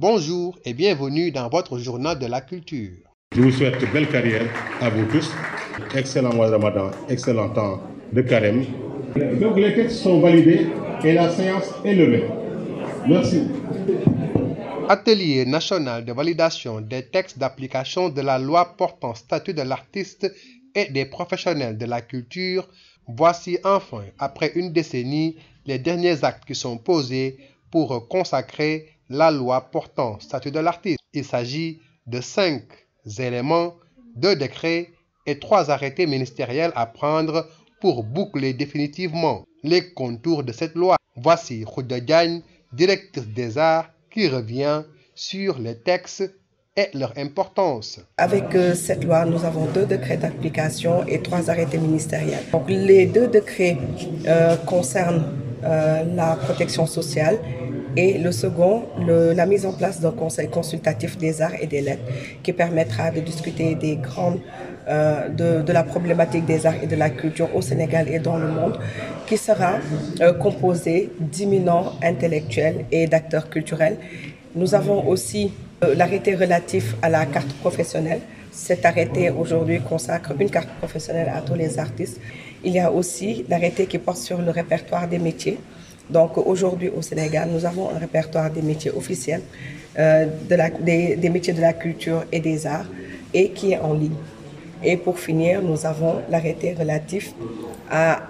Bonjour et bienvenue dans votre journal de la culture. Je vous souhaite belle carrière à vous tous. Excellent mois Ramadan, excellent temps de carême. les textes sont validés et la séance est Atelier national de validation des textes d'application de la loi portant statut de l'artiste et des professionnels de la culture, voici enfin, après une décennie, les derniers actes qui sont posés pour consacrer la loi portant statut de l'artiste. Il s'agit de cinq éléments, deux décrets et trois arrêtés ministériels à prendre pour boucler définitivement les contours de cette loi. Voici Khouda Diagne, directrice des arts, qui revient sur les textes et leur importance. Avec euh, cette loi, nous avons deux décrets d'application et trois arrêtés ministériels. les deux décrets euh, concernent euh, la protection sociale Et le second, le, la mise en place d'un conseil consultatif des arts et des lettres qui permettra de discuter des grandes, euh, de, de, la problématique des arts et de la culture au Sénégal et dans le monde, qui sera euh, composé d'imminents intellectuels et d'acteurs culturels. Nous avons aussi euh, l'arrêté relatif à la carte professionnelle. Cet arrêté aujourd'hui consacre une carte professionnelle à tous les artistes. Il y a aussi l'arrêté qui porte sur le répertoire des métiers. Donc aujourd'hui au Sénégal, nous avons un répertoire des métiers officiels, euh, de la, des, des, métiers de la culture et des arts, et qui est en ligne. Et pour finir, nous avons l'arrêté relatif à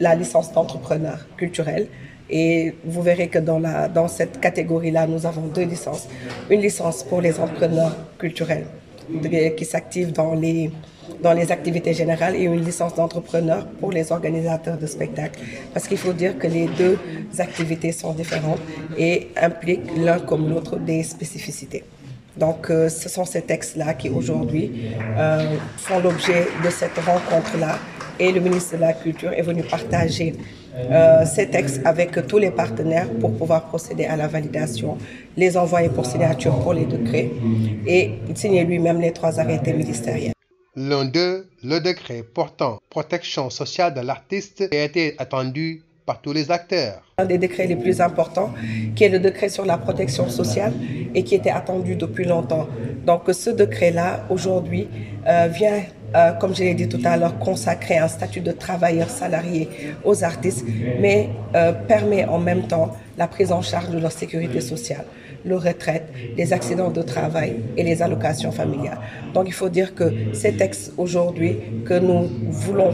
la licence d'entrepreneur culturel. Et vous verrez que dans, la, dans cette catégorie-là, nous avons deux licences. Une licence pour les entrepreneurs culturels de, qui s'activent dans les dans les activités générales et une licence d'entrepreneur pour les organisateurs de spectacles. Parce qu'il faut dire que les deux activités sont différentes et impliquent l'un comme l'autre des spécificités. Donc, euh, ce sont ces textes-là qui aujourd'hui euh, font l'objet de cette rencontre-là. Et le ministre de la Culture est venu partager euh, ces textes avec tous les partenaires pour pouvoir procéder à la validation, les envoyer pour signature pour les décrets et signer lui-même les trois arrêtés ministériels. L'un d'eux, le décret portant protection sociale de l'artiste, a été attendu par tous les acteurs. Un des décrets les plus importants, qui est le décret sur la protection sociale et qui était attendu depuis longtemps. Donc ce décret-là, aujourd'hui, euh, vient euh, comme je l'ai dit tout à l'heure, consacrer un statut de travailleur salarié aux artistes, mais euh, permet en même temps la prise en charge de leur sécurité sociale. le retraite, les accidents de travail et les allocations familiales. Donc il faut dire que ces textes aujourd'hui que nous voulons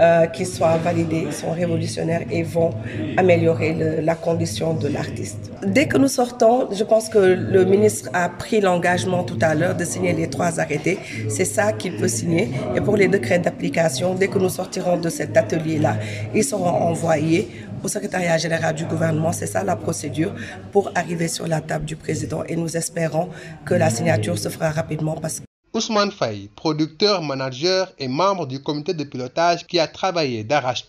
euh, qu'ils soient validés, ils sont révolutionnaires et vont améliorer le, la condition de l'artiste. Dès que nous sortons, je pense que le ministre a pris l'engagement tout à l'heure de signer les trois arrêtés. C'est ça qu'il peut signer. Et pour les décrets d'application, dès que nous sortirons de cet atelier-là, ils seront envoyés au secrétariat général du gouvernement. C'est ça la procédure pour arriver sur la table du président et nous espérons que la signature se fera rapidement parce que Ousmane producteur, manager et membre du comité de pilotage qui a travaillé darrache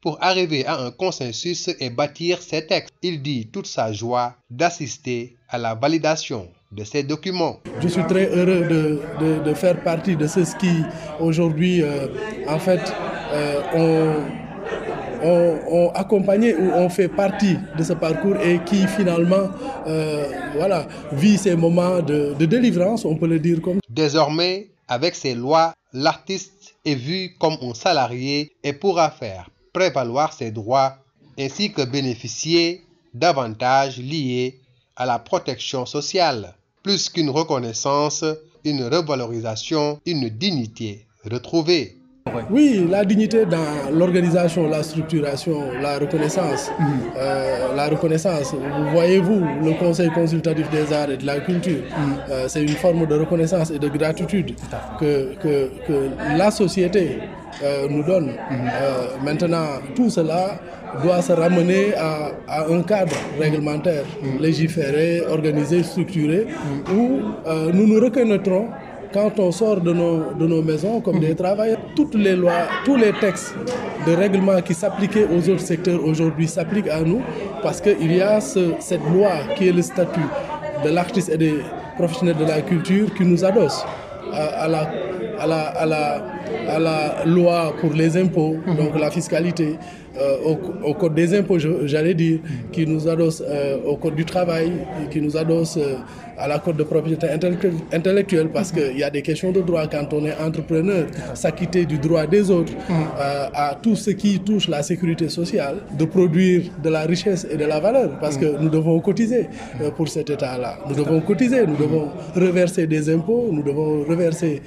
pour arriver à un consensus et bâtir ces textes. Il dit toute sa joie d'assister à la validation de ces documents. Je suis très heureux de, faire partie de ce qui aujourd'hui, euh, en fait, euh, ont, ont, fait partie de ce parcours et qui finalement euh, voilà, vit ces moments de, de délivrance, on peut le dire comme. Désormais, avec ces lois, l'artiste est vu comme un salarié et pourra faire prévaloir ses droits ainsi que bénéficier d'avantages liés à la protection sociale, plus qu'une reconnaissance, une revalorisation, une dignité retrouvée. Oui, la dignité dans l'organisation, la structuration, la reconnaissance. Mmh. Euh, la reconnaissance, vous voyez-vous, le Conseil consultatif des arts et de la culture, mmh. euh, c'est une forme de reconnaissance et de gratitude que, que, que la société euh, nous donne. Mmh. maintenant, tout cela doit se ramener à, à un cadre réglementaire, mm. Mm. légiféré, organisé, structuré, mm. où euh, nous nous reconnaîtrons quand on sort de nos, de nos maisons comme des travailleurs, toutes les lois, tous les textes de règlement qui s'appliquaient aux autres secteurs aujourd'hui s'appliquent à nous parce qu'il y a ce, cette loi qui est le statut de l'artiste et des professionnels de la culture qui nous adosse à, à la à à la loi pour les impôts, mhm. donc la fiscalité, Euh, au, des impôts, j'allais dire, qui nous adosse euh, au code du travail, qui nous adosse euh, à la code de propriété intellectuelle, parce qu'il y a des questions de droit quand on est entrepreneur, s'acquitter du droit des autres, mm. à tout ce qui touche la sécurité sociale, de produire de la richesse et de la valeur, parce mm. que nous devons cotiser pour cet État-là. Nous devons cotiser, reverser des impôts, nous devons reverser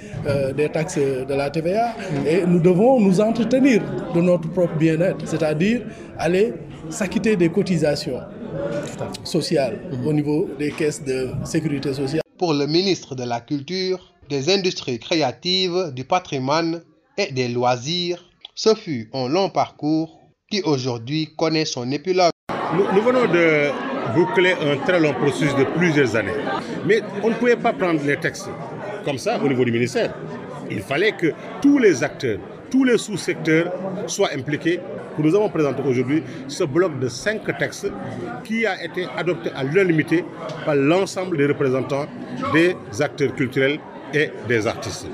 des taxes de la TVA, mm. et nous devons nous entretenir de c'est-à-dire s'acquitter des cotisations sociales mmh. au niveau des caisses de sécurité sociale. Pour le ministre de la Culture, des industries créatives, du patrimoine et des loisirs, ce fut un long parcours qui aujourd'hui connaît son épilogue. nous venons de boucler un très long processus de plusieurs années. Mais on ne pouvait pas prendre les textes comme ça au niveau du ministère. Il fallait que tous les acteurs tous les sous-secteurs soient impliqués. Nous avons présenté aujourd'hui ce bloc de cinq textes qui a été adopté à l'unanimité par l'ensemble des représentants des acteurs culturels et des artistes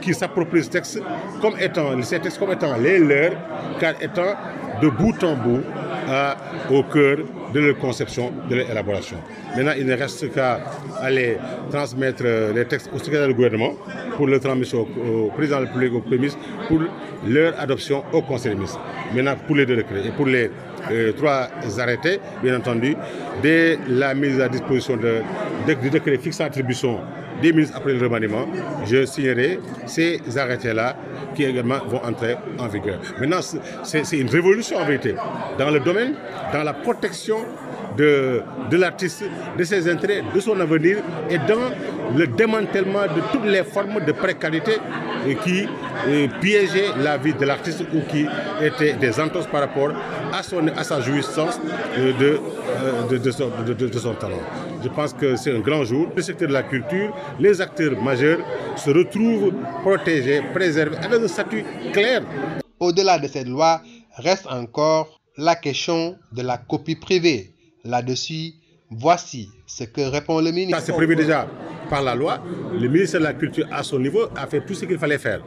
qui s'approprient ce texte comme étant, ces textes comme étant les leurs, car étant de bout en bout euh, au cœur de leur conception, de leur élaboration. Maintenant, il ne reste qu'à les transmettre euh, les textes au secrétaire du gouvernement pour le transmission au président de la République, au Premier pour leur adoption au Conseil des ministres. Maintenant, pour les deux décrets et pour les euh, trois arrêtés, bien entendu, dès la mise à disposition de, de, de décret fixe attribution des ministres après le remaniement, je signerai ces arrêtés-là qui également vont en vigueur. Maintenant, c'est une révolution en vérité dans le domaine, dans la protection de, de l'artiste, de ses intérêts, de son avenir et dans le démantèlement de toutes les formes de précarité qui piégeaient la vie de l'artiste ou qui étaient des entorses par rapport à, son, à sa jouissance de, euh, de, de, son, de, son, talent. Je pense que c'est un grand jour. Le secteur de la culture, les acteurs majeurs se retrouvent protégés, préservés, avec un statut clair. Au-delà de cette loi, reste encore la question de la copie privée. Là-dessus, voici ce que répond le ministre. Ça, déjà. par la loi, le ministère de la Culture, à son niveau, a fait tout ce qu'il fallait faire.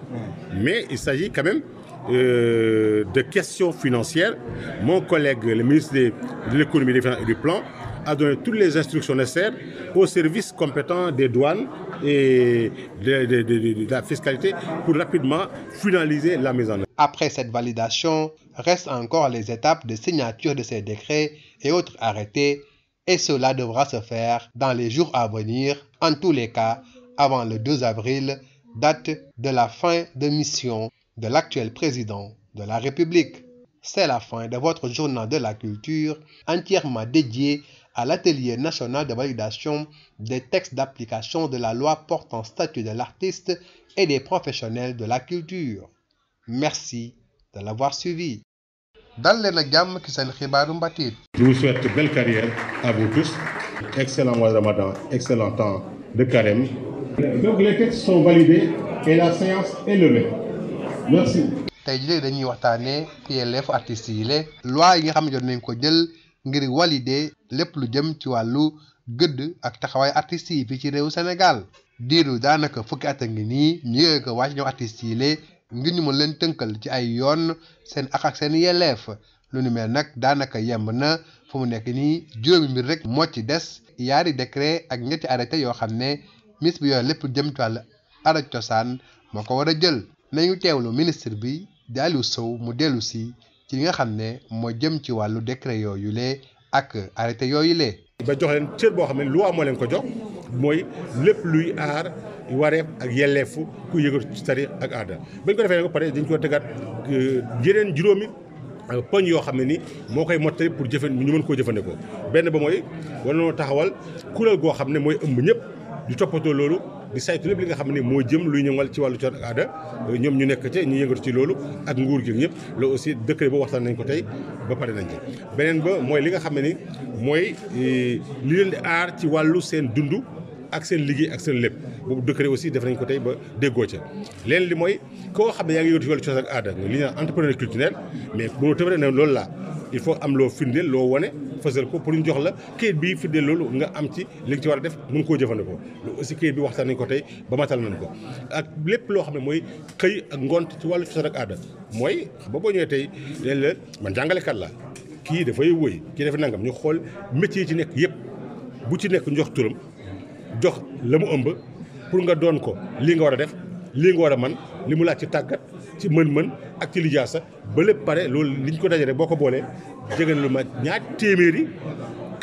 Mais il s'agit quand même euh, de questions financières. Mon collègue, le ministre de, de l'économie des finances et du plan, a donné toutes les instructions nécessaires aux services compétents des douanes et de, de, de, de, la fiscalité pour rapidement finaliser la mise en œuvre. Après cette validation, restent encore les étapes de signature de ces décrets et autres arrêtés et cela devra se faire dans les jours à venir, en tous les cas avant le 2 avril, date de la fin de mission de l'actuel président de la République. C'est la fin de votre journal de la culture entièrement dédié à l'atelier national de validation des textes d'application de la loi portant statut de l'artiste et des professionnels de la culture. Merci de l'avoir suivi. dal leen ak jàmm ki seen xibaaru mbatiit je vous souhaite belle carrière à vous excellent mois de Ramadan excellent temps de carême tey jii dañuy waxtaanee PLF artistes yi la loi yi nga xam ne jot nañ ko jël ngir valider lépp lu jëm ci wàllu gëdd ak taxawaay artistes yi fii ci réew senegal diiru daanaka fukki at ngi nii ñu yëge ko wàcc ñoom artistes yi la ngir ñu mën leen tënkal ci ay yoon seen ak ak seen yelleef lu ni mel nag daanaka yemb na fu mu nekk nii juróomi mbir rek moo ci des yaari décret ak ñetti arrêté yoo xam ne ministre bi yore lépp jëm ci wàllu aada moo ko war a jël nañu teewlu ministre bi di Aliou mu dellu si ci li nga xam ne moo jëm ci wàllu décret yooyu le ak arrêté yooyu le ba jox leen cër boo xam ne loi moo leen ko jox mooy lépp luy aar wareef ak yelleefu ku yëngatu ci tari ak aada bañ ko defee nag ba pare dañ ko tegaat euh, yeneen juróomi euh, poñ yoo xam ne ni moo koy mottali pour jëfe ñu mën koo jëfandikoo benn ba mooy war nañoo taxawal kuréel goo xam ne mooy ëmb ñëpp di toppatoo loolu di saytu lépp li nga xam ne moo jëm lu ñëwal ci wàllu coono ak aada euh, ñu nekk ci ñu yëngatu ci loolu ak nguur gi ñëpp loolu aussi décret ba waxtaan nañ ko tey ba pare nañ ci. beneen ba mooy li nga xam ne ni mooy li leen di aar ci wàllu seen dund. ak seen liggéey ak seen lépp boobu décret aussi def nañ ko tey ba déggoo ca leen li mooy koo xam ne yaa ngi yóotu wàllu li ñuy entrepreneur culturel mais boo tëbëree ne loolu laa il faut am loo firndeel loo wane fësal pour ñu jox la kayit bi firndeel loolu nga am ci li ci war a def mën koo jëfandikoo aussi kayit bi waxtaan nañ ko tey ba matal nañ ko ak lépp loo xam ne mooy xëy ak ngont ci wàllu cosaan ak aada mooy ba boo ñëwee tey leen la man jàngalekat la kii dafay wëy kii dafa nangam ñu xool métier yi ci nekk yëpp bu ci nekk njox turam jox la mu ëmb pour nga doon ko lii nga war a def lii nga war a man li mu laaj ci tàggat ci mën-mën ak ci lijaasa ba lépp pare loolu liñ ko dajale boo ko boolee jege na lu ma ñaar téeméeri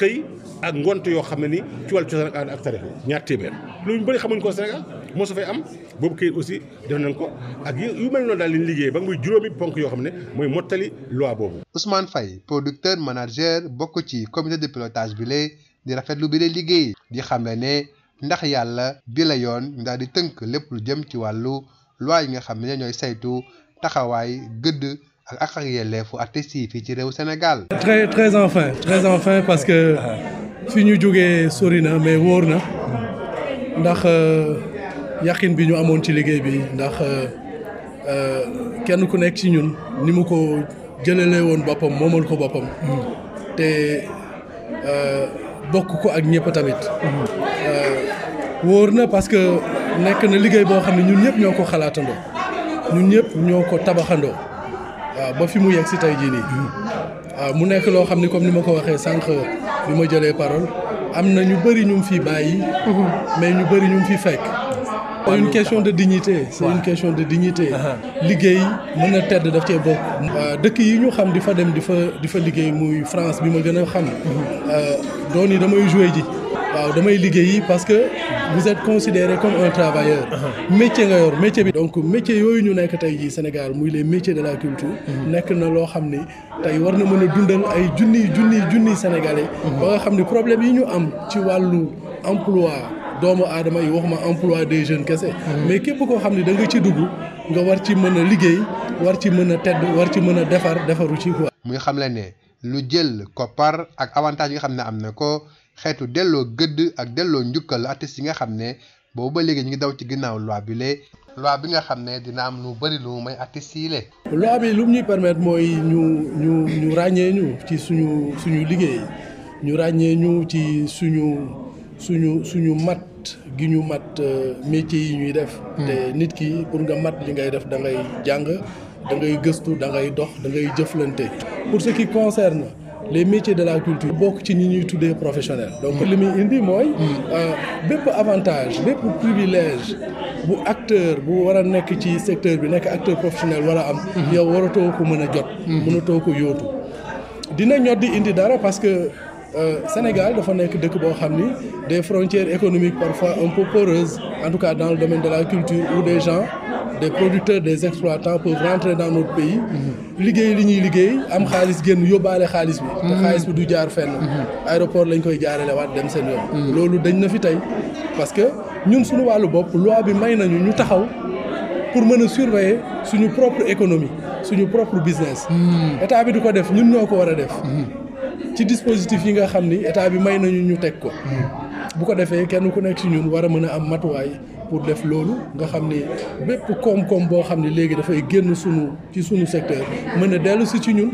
xëy ak ngont yoo xam ne ni ci wàllu cosaan ak aada ak tarix ñaar téeméer loolu ñu bëri xamuñ ko Sénégal moo sa fay am boobu këyit aussi def nañ ko ak yu mel noonu daal liñ liggéey ba muy juróomi ponk yoo xam ne mooy mottali loi boobu Ousmane Faye producteur manager bokk ci comité de bi lay di rafetlu bi lay liggéey di xam ne ndax yàlla bi la yoon daal di tënk lépp lu jëm ci wàllu loi yi nga xam ne ñooy saytu taxawaay gëdd ak ak ak yelleefu artistes yi fii ci réew Sénégal. très très enfin très enfin parce que fi ñu jógee sori na mais wóor na ndax euh, yàqin bi ñu amoon ci liggéey bi ndax euh, euh, kenn ku nekk ci ñun ni mu ko jëlalee woon boppam moomal ko boppam. Mm-hmm. te bokk ko ak ñëpp tamit. Mm-hmm. wóor na parce que nekk na liggéey boo xam ne ñun ñëpp ñoo ko xalaatandoo ñun ñëpp ñoo ko tabaxandoo waaw ba fi mu yegg si tey jii nii hmm. waaw mu nekk loo xam ne comme ni ma ko waxee sànq bi ma jëlee parole am na ñu bëri ñu fi bàyyi. Hmm. mais ñu bëri ñu fi fekk. c'est une question de dignité c'est une question de dignité uh-huh. liggéey mën a tedd daf cee bokk euh, dëkk yi ñu xam di fa dem di fa di fa liggéey muy France bi ma gën a xam hmm. euh, doon yi damay joué ji waaw damay liggéeyi parce que vous êtes considéré comme un travailleur. Uh-huh. métier nga yor métier bi. donc métier yooyu ñu nekk tey jii Sénégal muy les métiers de la culture. Uh-huh. nekk na loo xam ni tey war na mën a dundal ay junni junni junniy sénégalais. Uh-huh. ba nga xam ni problème yi ñu am ci wàllu emploi doomu aadama yi waxuma emploi des jeunes kese. mais képp koo xam ni da nga ci dugg nga war ci mën a liggéey war ci mën a tedd war ci mën a defar defaru ci quoi. muy xam la ne lu jël koppar ak avantage yi nga xam ne am na ko. xeetu delloo gëdd ak delloo njukkal artistes yi nga xam ne boobu ba léegi ñu ngi daw ci ginnaaw loi bi lee bi nga xam ne dina am lu bëri lu may artistes yi lee loi bi lu mu ñuy permettre mooy ñu ñu ñu ràññee ñu ci suñu suñu liggéey ñu ràññee ñu ci suñu suñu suñu mat gi ñu mat euh, métier yi ñuy def hmm. te nit ki pour nga mat li ngay def da jàng dangay gëstu da ngay dox dangay jëflante pour ce qui concerne les métiers de la culture bokk ci ni ñuy tuddee professionnel donc li muy indi mooy hmm. euh, bépp avantage bépp privilège bu acteur bu war a nekk ci secteur bi nekk acteur professionnel war a am hmm. yow waratoo ko mën a jot hmm. mënatoo ko yóotu dina ñot di indi dara parce que euh, Sénégal dafa nekk dëkk boo xam ni des frontières économiques parfois un peu poreuses en tout cas dans le domaine de la culture où des gens des producteurs des exploitants peuvent rentrer dans notre pays liggéey li ñuy liggéey am xaalis génn yóbbaale xaalis bi te xaalis bi du jaar fenn aéroport lañ koy jaarale waat dem seen yoon loolu dañ na fi tey parce que ñun suñu wàllu bopp loi bi may nañu ñu taxaw pour mën a surveiller suñu propre économie suñu propre business hmm. état bi du ko def ñun ñoo ko war a def hmm. ci dispositif yi nga xam ni état bi may nañu ñu teg ko hmm. bu ko defee kenn ku nekk ci ñun war a mën a am matuwaay pour def loolu nga xam ni bépp koom-koom boo xam ne léegi dafay génn sunu ci sunu secteur mën a dellu si ci ñun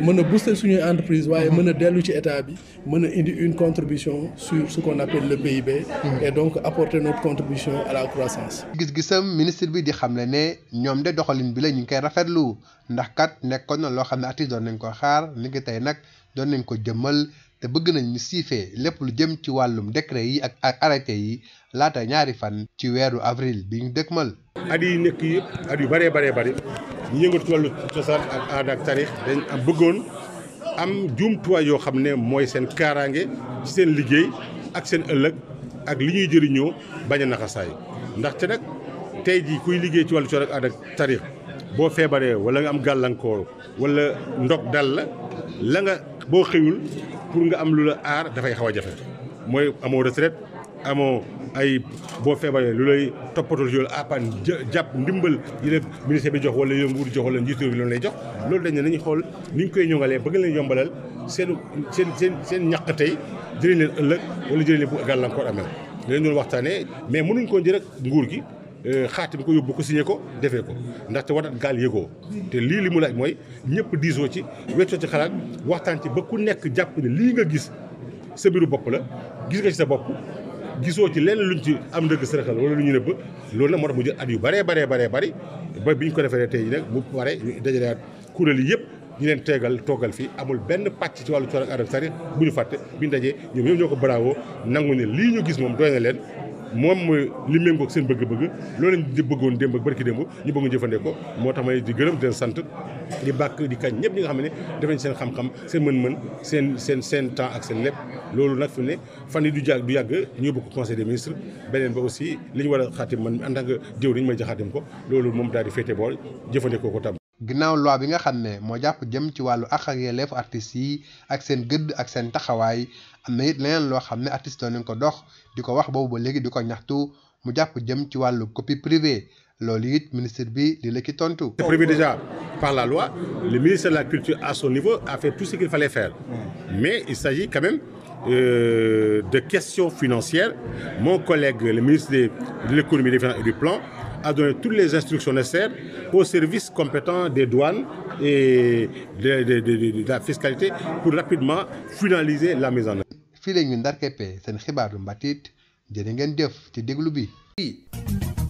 mën a booster suñuy entreprise waaye mën a dellu ci état bi mën a indi une contribution su ce qu'on appelle le PIB mm-hmm. et donc apporter notre contribution à la croissance gis-gisam ministre bi di xam ne ne ñoom de doxalin bi la ñu ngi koy rafetlu ndax kat nekkoon na loo xam ne artiste doon nañ ko xaar ni ngi tey nag doon nañ ko jëmmal te bëgg nañ ñu siifee lépp lu jëm ci wàllum décret yi ak arrêté yi laata ñaari fan ci weeru avril bi ñu dëkkmal. at yi nekk yëpp at yu bëree bëree bari ñu yëngatu ci wàllu cosaan ak aada ak taarix dañ am bëggoon am jumtuwaay yoo xam ne mooy seen kaaraange ci seen liggéey ak seen ëllëg ak li ñuy jëriñoo bañ a naxasaay ndaxte nag tey jii kuy liggéey ci wàllu cosaan ak aada ak taarix boo feebaree wala nga am gàllankoor walla ndog dal la la nga boo xëyul pour nga am lu la aar dafay xaw a jafe mooy amoo retraite amoo. ay boo feebaree lu lay toppatoo yoolu àppan jàpp ndimbal yi la ministère bi jox wala yow nguur jox wala njiitu bi loolu lay jox loolu dañ ne nañu xool ni ñu koy ñongalee bëgg leen yombalal seen seen seen seen ñax tey jëriñ leen ëllëg wala jëriñ leen bu gàllankoor amee leen doon waxtaanee mais mënuñ koo jël ak nguur gi euh, xaatim ko yóbbu ko signé ko defee ko ndaxte war na gaal yëgoo te lii li mu laaj mooy ñëpp diisoo ci weccoo ci xalaat waxtaan ci ba nekk jàpp ne lii gis sa biiru la gis sa bopp gisoo ci lenn luñ ci am ndëgg sërëxal wala lu ñu nëbb loolu nag moo tax mu jël at yu bëree baree baree bëri ba biñ ko defee tey nag mu pare ñu dajalewaat kuréel yi yëpp ñu leen teegal toggal fii amul benn pàcc ci wàllu coono ak sari bu ñu fàtte biñ dajee ñoom ñëpp ñoo ko bravo nangu ne lii ñu gis moom doy na leen moom mooy li méngoo ak seen bëgg-bëgg loolu lañ di bëggoon démb ak barki démb ñu bëgg jëfandikoo moo tax may di gërëm di sant di bàkk di kañ ñëpp ñi nga xam ne def seen xam-xam seen mën-mën seen seen temps ak seen lépp loolu nag fi ne fan yi du jàgg du yàgg ñu bëgg conseil des ministres beneen ba aussi li ñu war a xaatim man en tant que jëw dañu may jaxaatim ko loolu moom daal di féete bool jëfandikoo ko tam ginnaaw loi bi nga xam ne moo jàpp jëm ci wàllu àq ak yelleefu artistes yi ak seen gëdd ak seen taxawaay am na it leneen loo xam ne artist doon nañ ko dox di ko wax boobu ba léegi di ko ñaxtu mu jàpp jëm ci wàllu copi privée loolu it ministre bi di la ki tontu. c'est prévu déjà par la loi le ministre de la culture à son niveau a fait tout ce qu'il fallait faire mm. mais il s'agit quand même euh, de questions financières mon collègue le ministre de l'économie des finances à donner toutes les instructions nécessaires aux services compétent des douanes et de, de, de, de la fiscalité pour rapidement finaliser la mise en œuvre. fii la ñu ndar keppe seen xibaaru mbatit jërë ngeen jëf ci déglu bi.